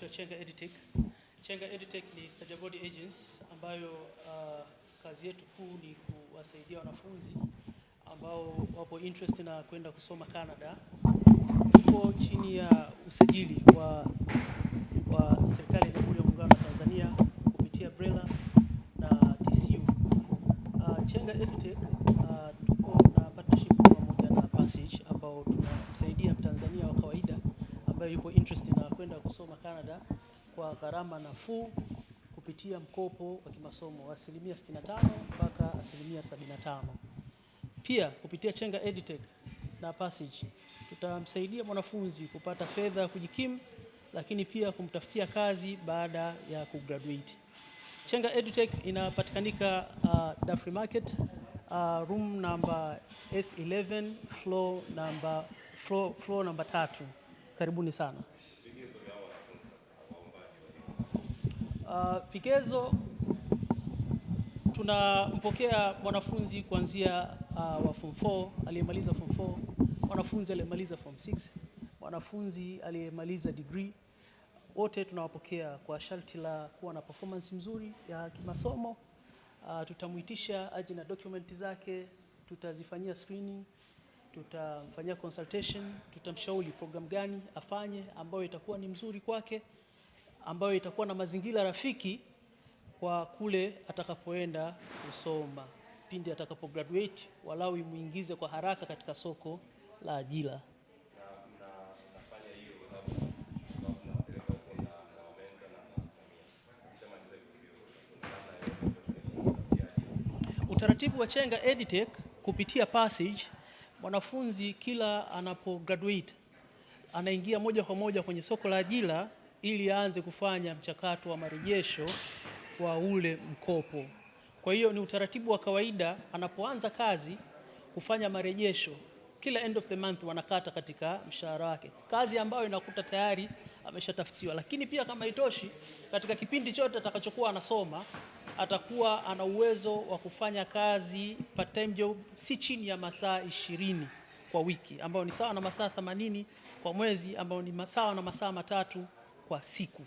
mwakilishi wa Chenga EdTech. Chenga EdTech ni study abroad ambayo uh, kazi yetu kuu ni kuwasaidia wanafunzi ambao wapo interest na kwenda kusoma Canada. Tuko chini ya usajili wa, wa serikali ya Jamhuri ya Muungano wa Tanzania ambaye yupo interested na kwenda kusoma Canada kwa gharama nafuu kupitia mkopo wa kimasomo wa asilimia 65 mpaka asilimia 75. Pia kupitia Chenga EdTech na Passage tutamsaidia mwanafunzi kupata fedha ya kujikimu, lakini pia kumtafutia kazi baada ya kugraduate. Chenga EdTech inapatikanika uh, Dafri Market uh, room number S11 floor number floor, floor number 3. Karibuni sana. Uh, ah, vigezo tunampokea mwanafunzi kuanzia uh, wa form 4 aliyemaliza form 4, mwanafunzi aliyemaliza form 6, mwanafunzi aliyemaliza degree, wote tunawapokea kwa sharti la kuwa na performance mzuri ya kimasomo. Uh, ah, tutamwitisha aje na dokumenti zake, tutazifanyia screening tutamfanyia consultation, tutamshauri programu gani afanye ambayo itakuwa ni mzuri kwake, ambayo itakuwa na mazingira rafiki kwa kule atakapoenda kusoma, pindi atakapo graduate, walau imuingize kwa haraka katika soko la ajira. Utaratibu wa Chenga EdTech kupitia Passage mwanafunzi kila anapo graduate anaingia moja kwa moja kwenye soko la ajira ili aanze kufanya mchakato wa marejesho wa ule mkopo. Kwa hiyo ni utaratibu wa kawaida anapoanza kazi kufanya marejesho kila end of the month wanakata katika mshahara wake, kazi ambayo inakuta tayari ameshatafutiwa. Lakini pia kama itoshi, katika kipindi chote atakachokuwa anasoma atakuwa ana uwezo wa kufanya kazi part time job si chini ya masaa ishirini kwa wiki, ambayo ni sawa na masaa 80 kwa mwezi, ambayo ni sawa na masaa matatu kwa siku.